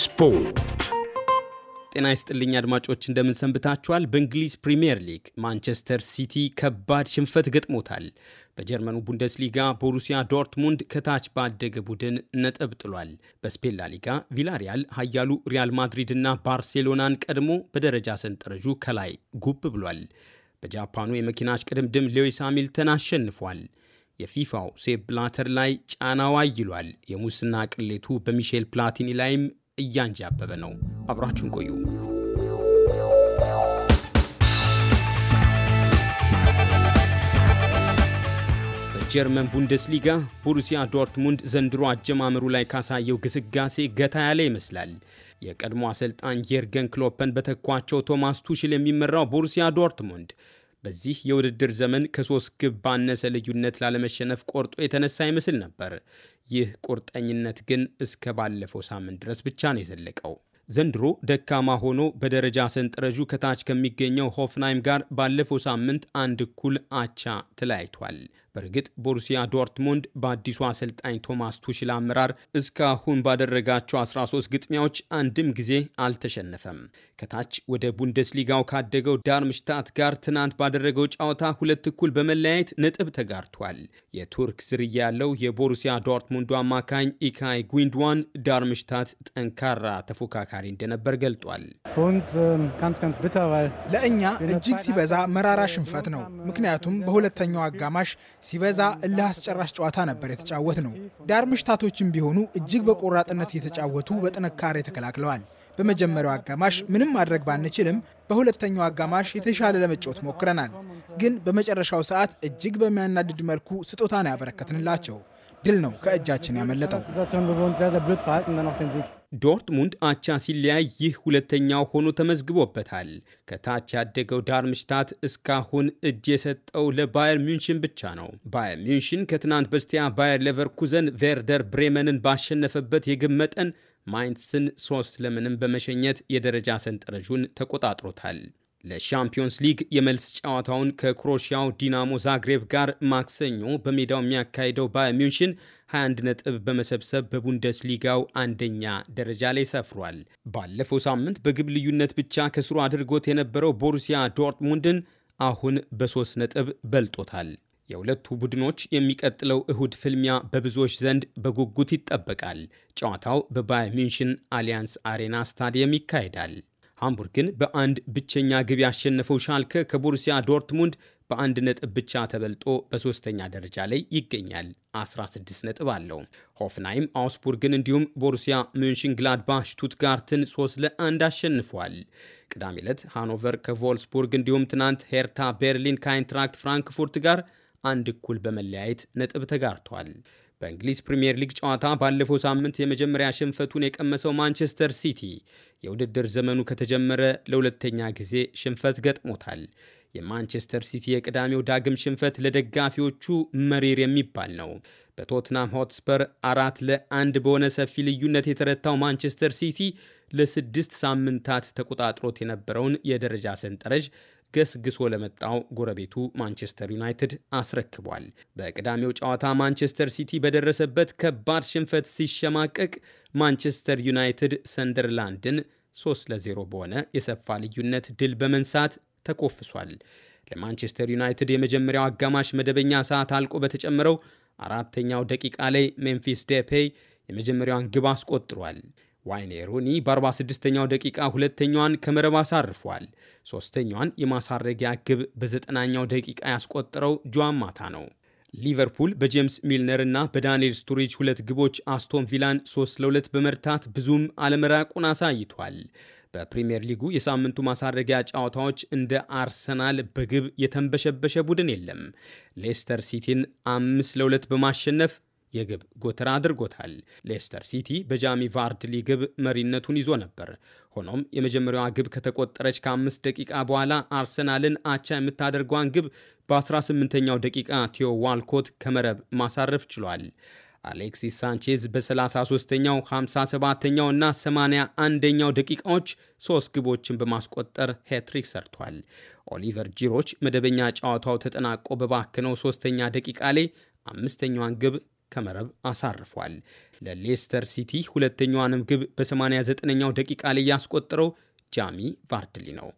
ስፖርት ጤና ይስጥልኝ አድማጮች፣ እንደምን ሰንብታችኋል? በእንግሊዝ ፕሪምየር ሊግ ማንቸስተር ሲቲ ከባድ ሽንፈት ገጥሞታል። በጀርመኑ ቡንደስሊጋ ቦሩሲያ ዶርትሙንድ ከታች ባደገ ቡድን ነጥብ ጥሏል። በስፔን ላ ሊጋ ቪላሪያል ኃያሉ ሪያል ማድሪድ እና ባርሴሎናን ቀድሞ በደረጃ ሰንጠረዡ ከላይ ጉብ ብሏል። በጃፓኑ የመኪና እሽቅድምድም ሌዊስ ሃሚልተን አሸንፏል። የፊፋው ሴፕ ብላተር ላይ ጫናዋ ይሏል። የሙስና ቅሌቱ በሚሼል ፕላቲኒ ላይም እያንጂ አበበ ነው። አብራችሁን ቆዩ። ጀርመን ቡንደስሊጋ ቦሩሲያ ዶርትሙንድ ዘንድሮ አጀማመሩ ላይ ካሳየው ግስጋሴ ገታ ያለ ይመስላል። የቀድሞ አሰልጣን የርገን ክሎፐን በተኳቸው ቶማስ ቱሽል የሚመራው ቦሩሲያ ዶርትሙንድ በዚህ የውድድር ዘመን ከሶስት ግብ ባነሰ ልዩነት ላለመሸነፍ ቆርጦ የተነሳ ይመስል ነበር። ይህ ቁርጠኝነት ግን እስከ ባለፈው ሳምንት ድረስ ብቻ ነው የዘለቀው። ዘንድሮ ደካማ ሆኖ በደረጃ ሰንጠረዡ ከታች ከሚገኘው ሆፍናይም ጋር ባለፈው ሳምንት አንድ እኩል አቻ ተለያይቷል። በእርግጥ ቦሩሲያ ዶርትሙንድ በአዲሱ አሰልጣኝ ቶማስ ቱሽል አመራር እስካሁን ባደረጋቸው 13 ግጥሚያዎች አንድም ጊዜ አልተሸነፈም። ከታች ወደ ቡንደስሊጋው ካደገው ዳርምሽታት ጋር ትናንት ባደረገው ጨዋታ ሁለት እኩል በመለያየት ነጥብ ተጋርቷል። የቱርክ ዝርያ ያለው የቦሩሲያ ዶርትሙንዱ አማካኝ ኢካይ ጉንድዋን ዳርምሽታት ጠንካራ ተፎካካ አማካሪ እንደነበር ገልጧል። ähm, ለእኛ እጅግ ሲበዛ መራራ äh, ሽንፈት ነው። äh, ምክንያቱም በሁለተኛው አጋማሽ äh, ሲበዛ እልህ አስጨራሽ ጨዋታ ነበር የተጫወት ነው። ዳር ምሽታቶችም ቢሆኑ እጅግ በቆራጥነት እየተጫወቱ በጥንካሬ ተከላክለዋል። በመጀመሪያው አጋማሽ ምንም ማድረግ ባንችልም በሁለተኛው አጋማሽ የተሻለ ለመጫወት ሞክረናል። ግን በመጨረሻው ሰዓት እጅግ በሚያናድድ መልኩ ስጦታን ያበረከትንላቸው ድል ነው ከእጃችን ያመለጠው። ዶርትሙንድ አቻ ሲለያይ ይህ ሁለተኛው ሆኖ ተመዝግቦበታል። ከታች ያደገው ዳር ምሽታት እስካሁን እጅ የሰጠው ለባየር ሚንሽን ብቻ ነው። ባየር ሚንሽን ከትናንት በስቲያ ባየር ሌቨርኩዘን ቬርደር ብሬመንን ባሸነፈበት የግብ መጠን ማይንስን ሶስት ለምንም በመሸኘት የደረጃ ሰንጠረዡን ተቆጣጥሮታል። ለሻምፒዮንስ ሊግ የመልስ ጨዋታውን ከክሮሽያው ዲናሞ ዛግሬብ ጋር ማክሰኞ በሜዳው የሚያካሂደው ባየር ሚንሽን 21 ነጥብ በመሰብሰብ በቡንደስሊጋው አንደኛ ደረጃ ላይ ሰፍሯል። ባለፈው ሳምንት በግብ ልዩነት ብቻ ከስሩ አድርጎት የነበረው ቦሩሲያ ዶርትሙንድን አሁን በሶስት ነጥብ በልጦታል። የሁለቱ ቡድኖች የሚቀጥለው እሁድ ፍልሚያ በብዙዎች ዘንድ በጉጉት ይጠበቃል። ጨዋታው በባየር ሚንሽን አሊያንስ አሬና ስታዲየም ይካሄዳል። ሃምቡርግን በአንድ ብቸኛ ግብ ያሸነፈው ሻልከ ከቦሩሲያ ዶርትሙንድ በአንድ ነጥብ ብቻ ተበልጦ በሶስተኛ ደረጃ ላይ ይገኛል። 16 ነጥብ አለው። ሆፍናይም አውስቡርግን፣ እንዲሁም ቦሩሲያ ሚንሽን ግላድባ ሽቱትጋርትን 3 ለአንድ አሸንፏል። ቅዳሜ ዕለት ሃኖቨር ከቮልስቡርግ እንዲሁም ትናንት ሄርታ ቤርሊን ከአይንትራክት ፍራንክፉርት ጋር አንድ እኩል በመለያየት ነጥብ ተጋርቷል። በእንግሊዝ ፕሪምየር ሊግ ጨዋታ ባለፈው ሳምንት የመጀመሪያ ሽንፈቱን የቀመሰው ማንቸስተር ሲቲ የውድድር ዘመኑ ከተጀመረ ለሁለተኛ ጊዜ ሽንፈት ገጥሞታል። የማንቸስተር ሲቲ የቅዳሜው ዳግም ሽንፈት ለደጋፊዎቹ መሪር የሚባል ነው። በቶትናም ሆትስፐር አራት ለአንድ በሆነ ሰፊ ልዩነት የተረታው ማንቸስተር ሲቲ ለስድስት ሳምንታት ተቆጣጥሮት የነበረውን የደረጃ ሰንጠረዥ ገስግሶ ለመጣው ጎረቤቱ ማንቸስተር ዩናይትድ አስረክቧል። በቅዳሜው ጨዋታ ማንቸስተር ሲቲ በደረሰበት ከባድ ሽንፈት ሲሸማቀቅ ማንቸስተር ዩናይትድ ሰንደርላንድን 3 ለ0 በሆነ የሰፋ ልዩነት ድል በመንሳት ተኮፍሷል። ለማንቸስተር ዩናይትድ የመጀመሪያው አጋማሽ መደበኛ ሰዓት አልቆ በተጨመረው አራተኛው ደቂቃ ላይ ሜምፊስ ዴፔይ የመጀመሪያዋን ግብ አስቆጥሯል። ዋይኔ ሩኒ በ46ኛው ደቂቃ ሁለተኛዋን ከመረብ አሳርፏል። ሦስተኛዋን የማሳረጊያ ግብ በዘጠናኛው ደቂቃ ያስቆጠረው ጆዋን ማታ ነው። ሊቨርፑል በጄምስ ሚልነር እና በዳንኤል ስቱሪጅ ሁለት ግቦች አስቶን ቪላን 3 ለ2 በመርታት ብዙም አለመራቁን አሳይቷል። በፕሪምየር ሊጉ የሳምንቱ ማሳረጊያ ጨዋታዎች እንደ አርሰናል በግብ የተንበሸበሸ ቡድን የለም። ሌስተር ሲቲን አምስት ለሁለት በማሸነፍ የግብ ጎተራ አድርጎታል። ሌስተር ሲቲ በጃሚ ቫርድሊ ግብ መሪነቱን ይዞ ነበር። ሆኖም የመጀመሪያዋ ግብ ከተቆጠረች ከአምስት ደቂቃ በኋላ አርሰናልን አቻ የምታደርገዋን ግብ በ18ኛው ደቂቃ ቲዮ ዋልኮት ከመረብ ማሳረፍ ችሏል። አሌክሲስ ሳንቼዝ በ33ኛው፣ 57ኛው እና 81ኛው ደቂቃዎች ሶስት ግቦችን በማስቆጠር ሄትሪክ ሰርቷል። ኦሊቨር ጂሮች መደበኛ ጨዋታው ተጠናቆ በባክነው ሶስተኛ ደቂቃ ላይ አምስተኛዋን ግብ ከመረብ አሳርፏል። ለሌስተር ሲቲ ሁለተኛዋንም ግብ በ89ኛው ደቂቃ ላይ ያስቆጠረው ጃሚ ቫርድሊ ነው።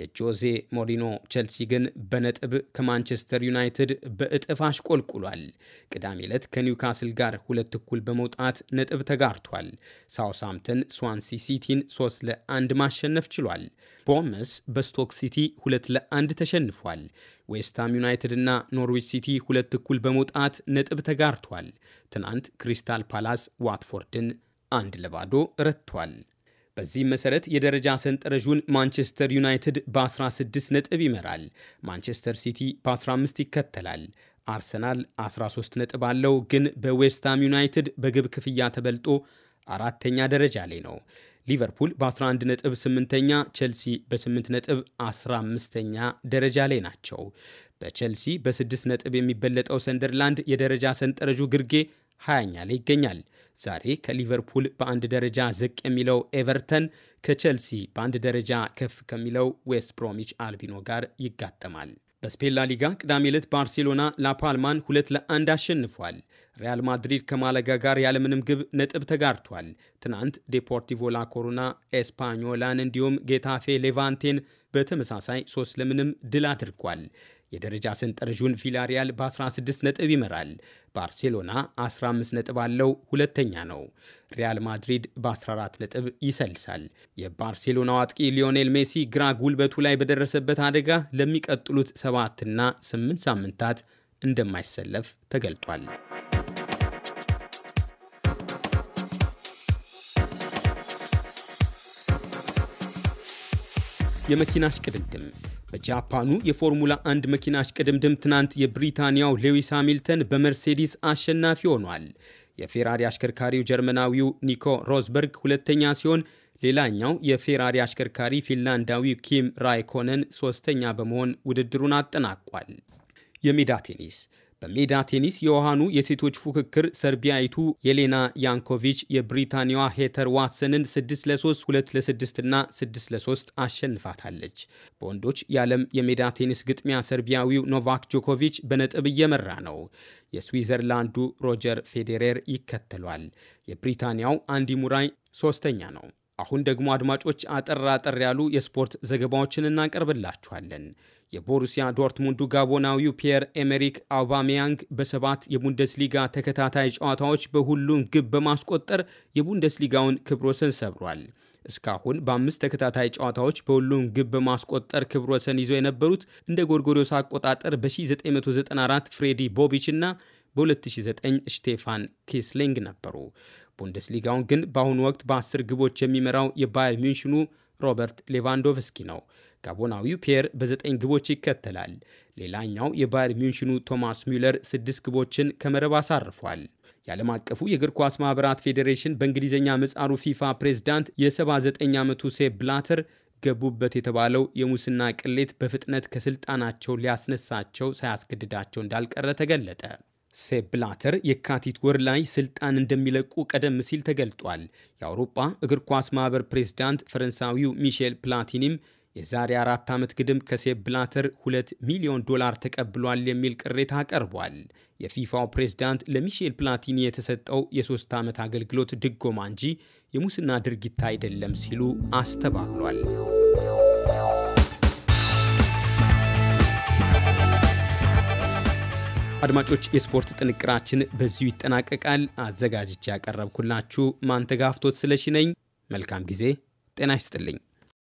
የጆዜ ሞሪኖ ቼልሲ ግን በነጥብ ከማንቸስተር ዩናይትድ በእጥፍ አሽቆልቁሏል። ቅዳሜ ዕለት ከኒውካስል ጋር ሁለት እኩል በመውጣት ነጥብ ተጋርቷል። ሳውስሃምፕተን ስዋንሲ ሲቲን 3 ለአንድ ማሸነፍ ችሏል። ቦመስ በስቶክ ሲቲ 2 ለአንድ ተሸንፏል። ዌስትሃም ዩናይትድ እና ኖርዊች ሲቲ ሁለት እኩል በመውጣት ነጥብ ተጋርቷል። ትናንት ክሪስታል ፓላስ ዋትፎርድን አንድ ለባዶ ረትቷል። በዚህም መሰረት የደረጃ ሰንጠረዡን ማንቸስተር ዩናይትድ በ16 ነጥብ ይመራል። ማንቸስተር ሲቲ በ15 ይከተላል። አርሰናል 13 ነጥብ አለው፣ ግን በዌስትሃም ዩናይትድ በግብ ክፍያ ተበልጦ አራተኛ ደረጃ ላይ ነው። ሊቨርፑል በ11 ነጥብ 8ኛ፣ ቼልሲ በ8 ነጥብ 15ኛ ደረጃ ላይ ናቸው። በቼልሲ በ6 ነጥብ የሚበለጠው ሰንደርላንድ የደረጃ ሰንጠረዡ ግርጌ 20ኛ ላይ ይገኛል። ዛሬ ከሊቨርፑል በአንድ ደረጃ ዝቅ የሚለው ኤቨርተን ከቼልሲ በአንድ ደረጃ ከፍ ከሚለው ዌስት ብሮሚች አልቢኖ ጋር ይጋጠማል። በስፔን ሊጋ ቅዳሜ ዕለት ባርሴሎና ላፓልማን ሁለት ለአንድ አሸንፏል። ሪያል ማድሪድ ከማለጋ ጋር ያለምንም ግብ ነጥብ ተጋርቷል። ትናንት ዴፖርቲቮ ላኮሩና ኤስፓኞላን እንዲሁም ጌታፌ ሌቫንቴን በተመሳሳይ ሶስት ለምንም ድል አድርጓል። የደረጃ ሰንጠረዡን ቪላሪያል በ16 ነጥብ ይመራል። ባርሴሎና 15 ነጥብ አለው፣ ሁለተኛ ነው። ሪያል ማድሪድ በ14 ነጥብ ይሰልሳል። የባርሴሎናው አጥቂ ሊዮኔል ሜሲ ግራ ጉልበቱ ላይ በደረሰበት አደጋ ለሚቀጥሉት ሰባትና ስምንት ሳምንታት እንደማይሰለፍ ተገልጧል። የመኪና እሽቅድድም በጃፓኑ የፎርሙላ አንድ መኪና አሽቅድምድም ትናንት የብሪታንያው ሌዊስ ሃሚልተን በመርሴዲስ አሸናፊ ሆኗል። የፌራሪ አሽከርካሪው ጀርመናዊው ኒኮ ሮዝበርግ ሁለተኛ ሲሆን ሌላኛው የፌራሪ አሽከርካሪ ፊንላንዳዊው ኪም ራይኮነን ሶስተኛ በመሆን ውድድሩን አጠናቋል። የሜዳ ቴኒስ በሜዳ ቴኒስ የውሃኑ የሴቶች ፉክክር ሰርቢያዊቱ የሌና ያንኮቪች የብሪታንያዋ ሄተር ዋትሰንን 6 ለ3፣ 2 ለ6 እና 6 ለ3 አሸንፋታለች። በወንዶች የዓለም የሜዳ ቴኒስ ግጥሚያ ሰርቢያዊው ኖቫክ ጆኮቪች በነጥብ እየመራ ነው። የስዊዘርላንዱ ሮጀር ፌዴሬር ይከተሏል። የብሪታንያው አንዲ ሙራይ ሶስተኛ ነው። አሁን ደግሞ አድማጮች አጠር አጠር ያሉ የስፖርት ዘገባዎችን እናቀርብላችኋለን። የቦሩሲያ ዶርትሙንዱ ጋቦናዊው ፒየር ኤሜሪክ አውባሚያንግ በሰባት የቡንደስሊጋ ተከታታይ ጨዋታዎች በሁሉም ግብ በማስቆጠር የቡንደስሊጋውን ክብረ ወሰን ሰብሯል። እስካሁን በአምስት ተከታታይ ጨዋታዎች በሁሉም ግብ በማስቆጠር ክብረ ወሰን ይዞ የነበሩት እንደ ጎርጎሪዮስ አቆጣጠር በ1994 ፍሬዲ ቦቢች እና በ2009 ስቴፋን ኪስሊንግ ነበሩ። ቡንደስሊጋውን ግን በአሁኑ ወቅት በአስር ግቦች የሚመራው የባየር ሚንሽኑ ሮበርት ሌቫንዶቭስኪ ነው። ጋቦናዊው ፒየር በዘጠኝ ግቦች ይከተላል። ሌላኛው የባየር ሚንሽኑ ቶማስ ሚለር ስድስት ግቦችን ከመረብ አሳርፏል። የዓለም አቀፉ የእግር ኳስ ማኅበራት ፌዴሬሽን በእንግሊዝኛ ምጻሩ ፊፋ ፕሬዝዳንት የ79 ዓመቱ ሴፕ ብላተር ገቡበት የተባለው የሙስና ቅሌት በፍጥነት ከስልጣናቸው ሊያስነሳቸው ሳያስገድዳቸው እንዳልቀረ ተገለጠ። ሴፕ ብላተር የካቲት ወር ላይ ስልጣን እንደሚለቁ ቀደም ሲል ተገልጧል። የአውሮፓ እግር ኳስ ማህበር ፕሬዝዳንት ፈረንሳዊው ሚሼል ፕላቲኒም የዛሬ አራት ዓመት ግድም ከሴፕ ብላተር ሁለት ሚሊዮን ዶላር ተቀብሏል የሚል ቅሬታ ቀርቧል። የፊፋው ፕሬዝዳንት ለሚሼል ፕላቲኒ የተሰጠው የሶስት ዓመት አገልግሎት ድጎማ እንጂ የሙስና ድርጊት አይደለም ሲሉ አስተባብሏል። አድማጮች የስፖርት ጥንቅራችን በዚሁ ይጠናቀቃል። አዘጋጅቼ ያቀረብኩላችሁ ማንተጋፍቶት ስለሽነኝ መልካም ጊዜ። ጤና ይስጥልኝ።